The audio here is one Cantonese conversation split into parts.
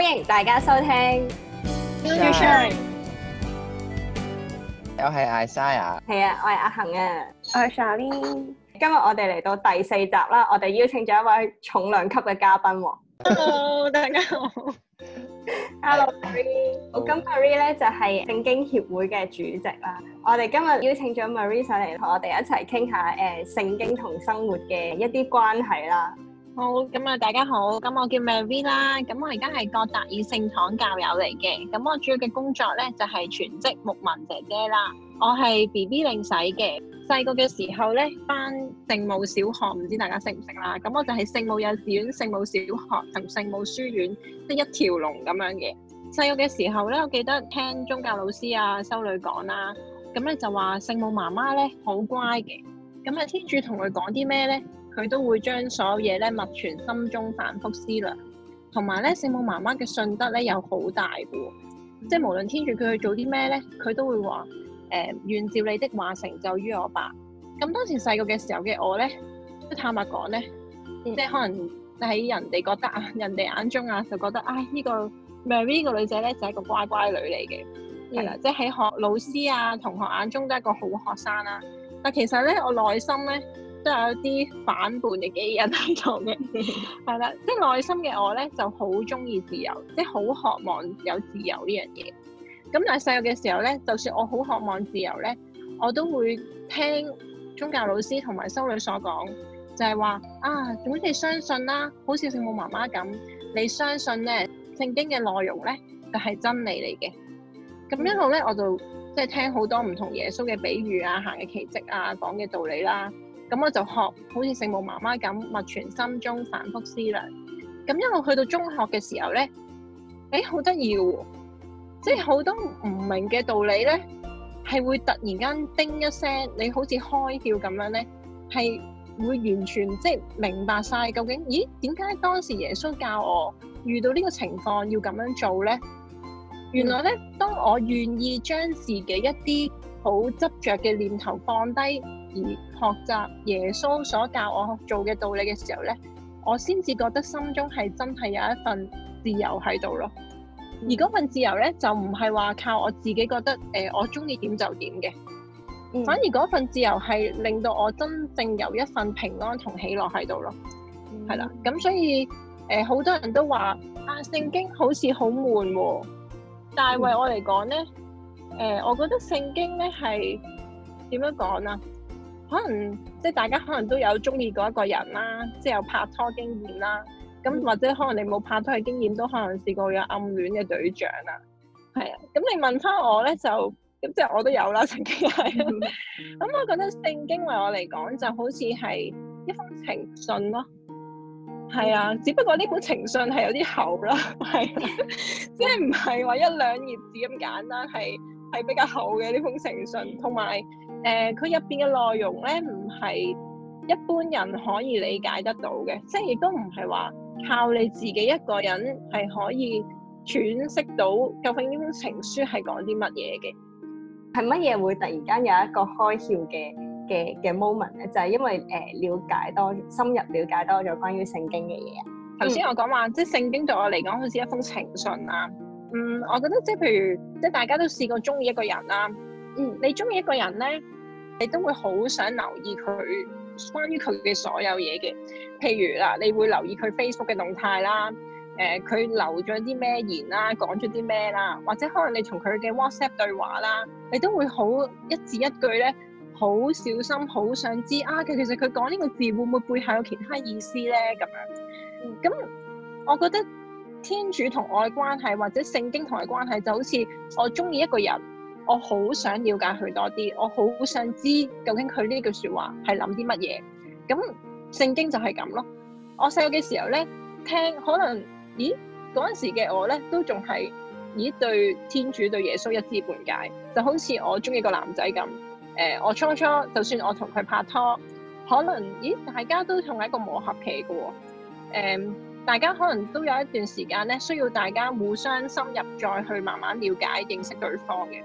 歡迎大家收聽。又係阿 Saya 呀。係啊，我係阿恒啊，我係莎莉。今日我哋嚟到第四集啦，我哋邀請咗一位重量級嘅嘉賓喎。 Hello，大家好。 Hello，Marie。我 Hello. 今 Marie 咧就係、是、聖經協會嘅主席啦。我哋今日邀請咗 Marie 上嚟同我哋一齊傾下，誒，聖、呃、經同生活嘅一啲關係啦。好，咁啊，大家好，咁我叫 Mary 啦，咁我而家係哥達爾聖堂教友嚟嘅，咁我主要嘅工作咧就係全職牧民姐姐啦，我係 B B 領洗嘅，細個嘅時候咧翻聖母小學，唔知大家識唔識啦？咁我就係聖母幼稚園、聖母小學同聖母書院，即一條龍咁樣嘅。細個嘅時候咧，我記得聽宗教老師啊修女講啦，咁咧就話聖母媽媽咧好乖嘅，咁啊天主同佢講啲咩咧？佢都會將所有嘢咧默存心中，反覆思量。同埋咧，聖母媽媽嘅信德咧又好大嘅，即係無論天主佢去做啲咩咧，佢都會話：誒、呃、願照你的話成就於我吧。咁當時細個嘅時候嘅我咧，都坦白講咧、嗯，即係可能就喺人哋覺得啊，人哋眼中啊，就覺得啊、哎這個、呢個 Mary 呢個女仔咧就係、是、一個乖乖女嚟嘅，係、嗯、啦，即係喺學老師啊同學眼中都係一個好學生啦、啊。但其實咧，我內心咧～都有啲反叛嘅基因喺度嘅，係 啦，即係內心嘅我咧就好中意自由，即係好渴望有自由呢樣嘢。咁但係細個嘅時候咧，就算我好渴望自由咧，我都會聽宗教老師同埋修女所講，就係話啊，總之你相信啦，好似聖母媽媽咁，你相信咧，聖經嘅內容咧就係真理嚟嘅。咁一路咧，我就即係聽好多唔同耶穌嘅比喻啊，行嘅奇蹟啊，講嘅道理啦。咁我就學好似聖母媽媽咁默存心中，反覆思量。咁一路去到中學嘅時候咧，誒，好得意嘅，即係好多唔明嘅道理咧，係會突然間叮一聲，你好似開竅咁樣咧，係會完全即係明白晒究竟，咦，點解當時耶穌教我遇到呢個情況要咁樣做咧？原來咧，當我願意將自己一啲好執着嘅念頭放低。而學習耶穌所教我做嘅道理嘅時候咧，我先至覺得心中係真係有一份自由喺度咯。而嗰份自由咧，就唔係話靠我自己覺得誒、呃，我中意點就點嘅，嗯。反而嗰份自由係令到我真正有一份平安同喜樂喺度咯。係、嗯、啦，咁所以誒，好、呃、多人都話啊，聖經好似好悶，但係為我嚟講咧，誒、嗯呃，我覺得聖經咧係點樣講啊？可能即係大家可能都有中意過一個人啦，即係有拍拖經驗啦，咁或者可能你冇拍拖嘅經驗都可能試過有暗戀嘅對象啦，係、嗯、啊，咁你問翻我咧就咁即係我都有啦，曾經係，咁、啊嗯、我覺得聖經為我嚟講就好似係一封情信咯，係啊、嗯，只不過呢封情信係有啲厚啦，係、啊，嗯是啊、 即係唔係話一兩頁紙咁簡單，係係比較厚嘅呢封情信，同埋。誒、呃，佢入邊嘅內容咧，唔係一般人可以理解得到嘅，即係亦都唔係話靠你自己一個人係可以詮釋到究竟呢封情書係講啲乜嘢嘅，係乜嘢會突然間有一個開竅嘅嘅嘅 moment 咧？就係因為誒、呃、了解多，深入了解多咗關於聖經嘅嘢。頭、嗯、先我講話，即係聖經對我嚟講好似一封情信啊。嗯，我覺得即係譬如，即係大家都試過中意一個人啦、啊。嗯，你中意一個人咧，你都會好想留意佢關於佢嘅所有嘢嘅。譬如啦，你會留意佢 Facebook 嘅動態啦，誒、呃，佢留咗啲咩言啦，講咗啲咩啦，或者可能你同佢嘅 WhatsApp 對話啦，你都會好一字一句咧，好小心，好想知啊！佢其實佢講呢個字會唔會背後有其他意思咧？咁樣，咁我覺得天主同我嘅關係或者聖經同我嘅關係就好似我中意一個人。我好想了解佢多啲，我好想知究竟佢呢句說話係諗啲乜嘢？咁聖經就係咁咯。我細個嘅時候呢，聽可能，咦嗰陣時嘅我呢都仲係咦對天主對耶穌一知半解，就好似我中意個男仔咁。誒、呃，我初初就算我同佢拍拖，可能咦大家都同係一個磨合期嘅喎。誒、呃，大家可能都有一段時間呢，需要大家互相深入再去慢慢了解認識對方嘅。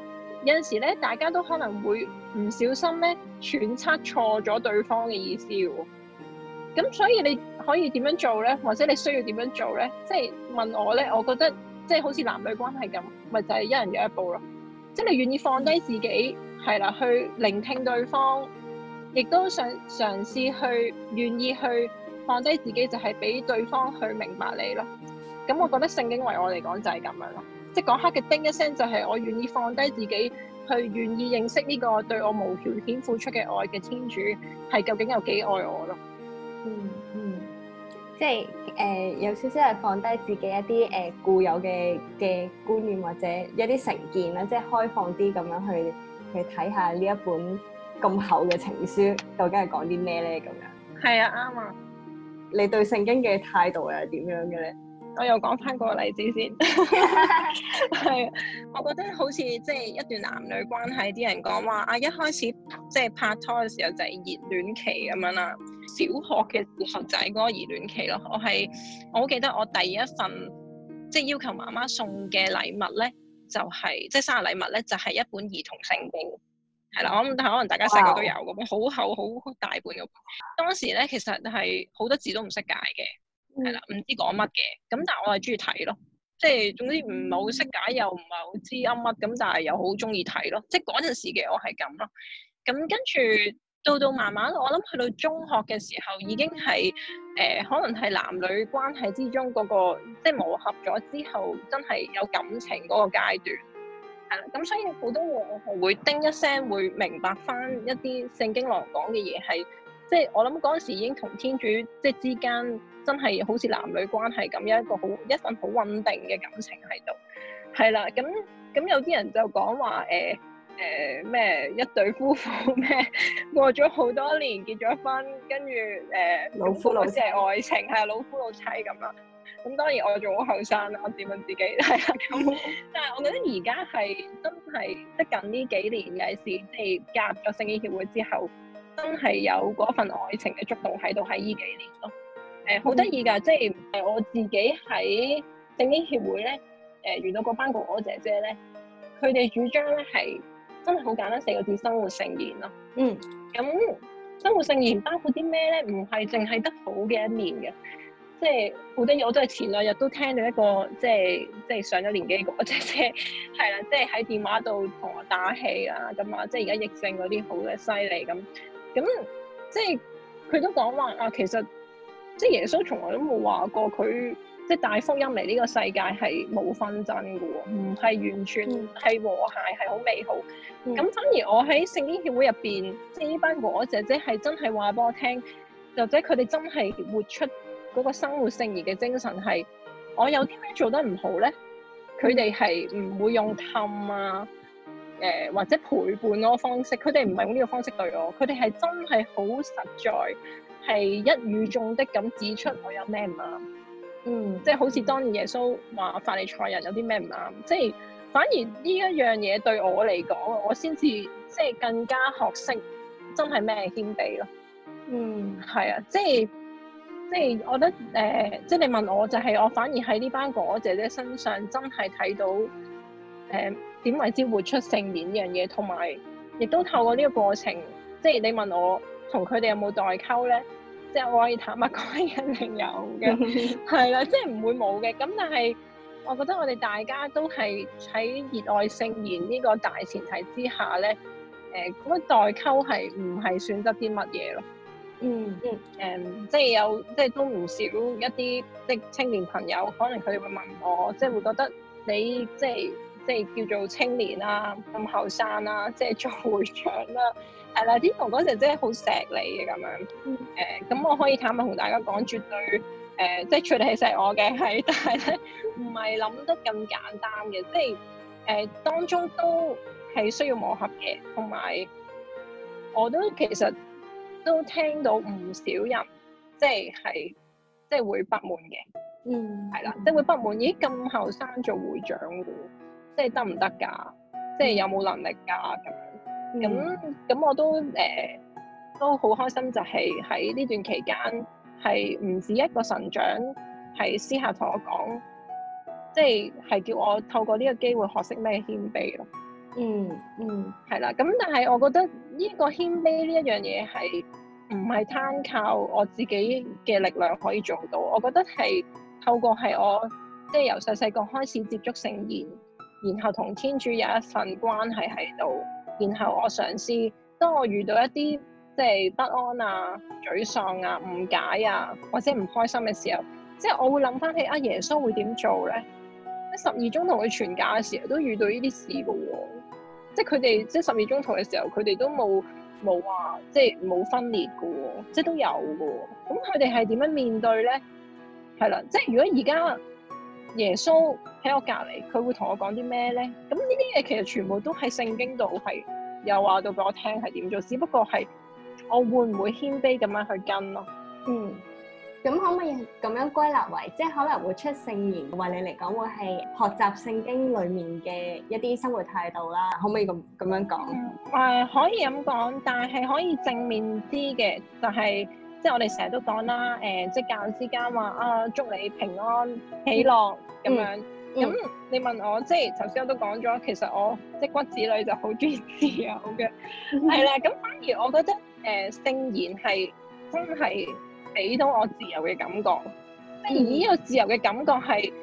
有陣時咧，大家都可能會唔小心咧，揣測錯咗對方嘅意思嘅。咁所以你可以點樣做咧，或者你需要點樣做咧？即係問我咧，我覺得即係好似男女關係咁，咪就係、是、一人一步咯。即係你願意放低自己，係啦，去聆聽對方，亦都想嘗試去願意去放低自己，就係、是、俾對方去明白你咯。咁我覺得聖經為我嚟講就係咁樣咯。即係嗰刻嘅叮一聲，就係我願意放低自己，去願意認識呢個對我無條件付出嘅愛嘅天主，係究竟有幾愛我咯。嗯嗯，即係誒、呃，有少少係放低自己一啲誒、呃、固有嘅嘅觀念或者一啲成見啦，即係開放啲咁樣去去睇下呢一本咁厚嘅情書究竟係講啲咩咧？咁樣，係啊，啱啊！你對聖經嘅態度又係點樣嘅咧？我又講翻嗰個例子先 係。 我覺得好似即係一段男女關係，啲人講話啊，一開始即係拍拖嘅時候就係熱戀期咁樣啦。小學嘅時候就係嗰個熱戀期咯。我係我記得我第一份即係、就係、要求媽媽送嘅禮物咧、就係，就係即係生日禮物咧，就係一本兒童聖經，係啦。我諗但係可能大家細個都有咁，好厚好大本嘅。當時咧其實係好多字都唔識解嘅。係、嗯、啦，唔知講乜嘅，咁但係我係中意睇咯，即係總之唔係好識解，又唔係好知噏乜，咁但係又好中意睇咯，即係嗰陣時嘅我係咁咯。咁跟住到到慢慢，我諗去到中學嘅時候已經係誒、呃，可能係男女關係之中嗰、嗰個即係、就是、磨合咗之後，真係有感情嗰個階段。係啦，咁所以好多我我會叮一聲，會明白返一啲聖經郎講嘅嘢係。即係我諗嗰陣時已經同天主即係之間真係好似男女關係咁，有一個好一份好穩定嘅感情喺度，係啦。咁咁有啲人就講話誒誒咩一對夫婦咩過咗好多年結咗婚，跟住誒老夫老妻係愛情係老夫老妻咁啦。咁當然我仲好後生啦，我自問自己係啊。咁 但係我覺得而家係真係即係近呢幾年嘅事，即係加入咗聖經協會之後。真係有嗰份愛情嘅觸動喺度，喺呢幾年咯，誒好得意㗎，即係誒我自己喺政經協會咧，誒、呃、遇到嗰班哥哥姐姐咧，佢哋主張咧係真係好簡單四個字：生活盛宴咯。嗯，咁生活盛宴包括啲咩咧？唔係淨係得好嘅一面嘅，即係好得意。我都係前兩日都聽到一個，即係即係上咗年紀嘅哥哥姐姐係啦，即係喺電話度同我打氣啊咁啊，即係而家疫症嗰啲好嘅，犀利咁。咁即係佢都講話啊，其實即係耶穌從來都冇話過佢即係帶福音嚟呢個世界係冇紛爭嘅喎，唔係完全係和諧，係、嗯、好美好。咁、嗯、反而我喺聖經協會入邊，即係呢班和我姐姐係真係話俾我聽，或者佢哋真係活出嗰個生活聖言嘅精神係，我有啲咩做得唔好咧？佢哋係唔會用氹啊！誒、呃，或者陪伴我方式，佢哋唔係用呢個方式對我，佢哋係真係好實在，係一語中的咁指出我有咩唔啱。嗯，即係好似當年耶穌話法利賽人有啲咩唔啱，即係反而呢一樣嘢對我嚟講，我先至即係更加學識真係咩謙卑咯。嗯，係啊，即係即係，我覺得誒、呃，即係你問我就係、是、我，反而喺呢班哥哥姐姐身上真係睇到。誒、呃，點為之活出聖賢呢樣嘢，同埋亦都透過呢個過程，即係你問我同佢哋有冇代溝咧，即係我可以坦白講，肯定有嘅，係 啦，即係唔會冇嘅。咁但係，我覺得我哋大家都係喺熱愛聖賢呢個大前提之下咧，誒、呃，嗰個代溝係唔係選擇啲乜嘢咯？嗯嗯，誒、呃，即係有，即係都唔少一啲即係青年朋友，可能佢哋會問我，即係會覺得你即係。即係叫做青年啦、啊，咁後生啦，即係做會長啦、啊。係啦，啲哥哥姐姐好錫你嘅咁樣。誒、嗯，咁、呃、我可以坦白同大家講，絕對誒、呃，即係出嚟係錫我嘅係，但係咧唔係諗得咁簡單嘅，即係誒、呃、當中都係需要磨合嘅，同埋我都其實都聽到唔少人即係係即係會不滿嘅，嗯係啦，即係會不滿咦咁後生做會長嘅。即係得唔得㗎？即係有冇能力㗎？咁咁咁，我都誒、呃、都好開心，就係喺呢段期間係唔止一個神長係私下同我講，即係係叫我透過呢個機會學識咩謙卑咯。嗯嗯，係啦。咁但係我覺得呢個謙卑呢一樣嘢係唔係單靠我自己嘅力量可以做到？我覺得係透過係我即係、就是、由細細個開始接觸聖言。然後同天主有一份關係喺度，然後我嘗試當我遇到一啲即係不安啊、沮喪啊、誤解啊或者唔開心嘅時候，即係我會諗翻起阿、啊、耶穌會點做咧？喺十二宗徒嘅傳教嘅時候都遇到呢啲事嘅喎，即係佢哋即係十二宗徒嘅時候，佢哋都冇冇話即係冇分裂嘅喎，即係都有嘅喎。咁佢哋係點樣面對咧？係啦，即係如果而家。耶穌喺我隔離，佢會同我講啲咩咧？咁呢啲嘢其實全部都喺聖經度係又話到俾我聽係點做，只不過係我會唔會謙卑咁樣去跟咯？嗯，咁可唔可以咁樣歸納為，即係可能會出聖言，話你嚟講會係學習聖經裡面嘅一啲生活態度啦？可唔可以咁咁樣講？誒、嗯呃，可以咁講，但係可以正面啲嘅，就係、是。即係我哋成日都講啦，誒、呃，即教之間話啊，祝你平安喜樂咁樣。咁、嗯、你問我，即係頭先我都講咗，其實我即骨子女就好中意自由嘅，係、嗯、啦。咁反而我覺得誒，聖、呃、賢係真係俾到我自由嘅感覺。嗯、而呢個自由嘅感覺係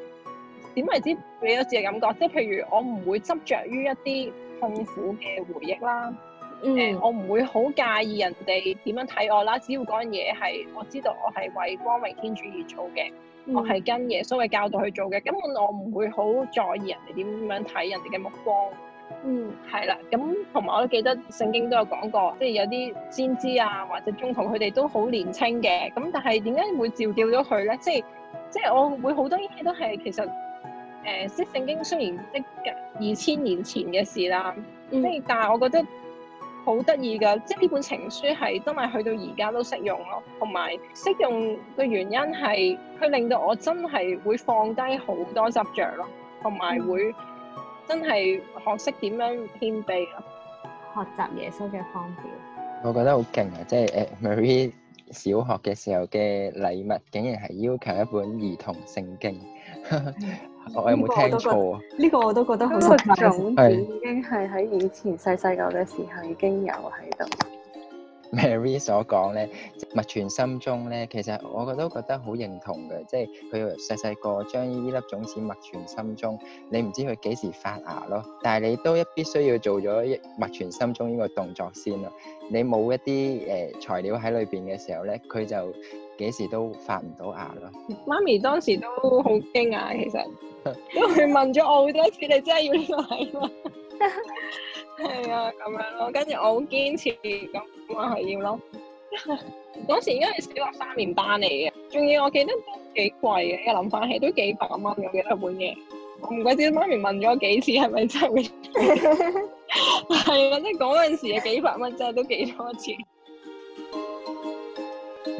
點為之，俾咗自由的感覺，即係譬如我唔會執着於一啲痛苦嘅回憶啦。誒、mm -hmm. 呃，我唔會好介意人哋點樣睇我啦。只要嗰樣嘢係我知道，我係為光榮天主而做嘅，mm -hmm. 我係跟耶穌嘅教導去做嘅，根本我唔會好在意人哋點樣睇人哋嘅目光。嗯、mm -hmm.，係啦。咁同埋我都記得聖經都有講過，即、就、係、是、有啲先知啊，或者中途佢哋都好年青嘅。咁但係點解會召叫咗佢咧？即係即係我會好多嘢都係其實誒，識、呃、聖經雖然即二千年前嘅事啦，即、mm、係 -hmm. 但係我覺得。好得意噶，即係呢本情書係真係去到而家都適用咯，同埋適用嘅原因係佢令到我真係會放低好多執着咯，同埋會真係學識點樣謙卑咯，學習耶穌嘅方法。我覺得好勁啊！即係誒，Mary 小學嘅時候嘅禮物竟然係要求一本兒童聖經。 我有冇聽錯啊？呢個我都覺得，呢個種子已經係喺以前細細個嘅時候已經有喺度。咩？Mary 所講咧，默存心中咧，其實我我都覺得好認同嘅，即係佢細細個將呢粒種子默存心中，你唔知佢幾時發芽咯。但係你都一必須要做咗一默存心中呢個動作先啦。你冇一啲誒材料喺裏邊嘅時候咧，佢就。幾時都發唔到牙咯，媽咪當時都好驚訝，其實因為問咗我好多次，你真係要呢個係嘛？係 啊，咁樣咯，跟住我好堅持咁我係要咯。嗰 時應該係小學三年班嚟嘅，仲要我記得幾貴嘅，一諗翻起都幾百蚊，我記得本嘢，唔鬼知媽咪問咗我幾次係咪真係？係 啊，即係嗰陣時啊，幾百蚊真係都幾多錢。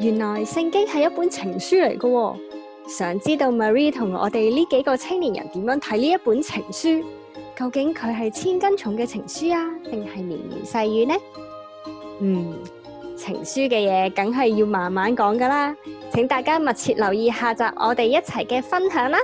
原來聖經係一本情書嚟噶，想知道 Marie 同我哋呢幾個青年人點樣睇呢一本情書？究竟佢係千斤重嘅情書啊，定係綿綿細語呢？嗯，情書嘅嘢梗係要慢慢講噶啦，請大家密切留意下集我哋一齊嘅分享啦。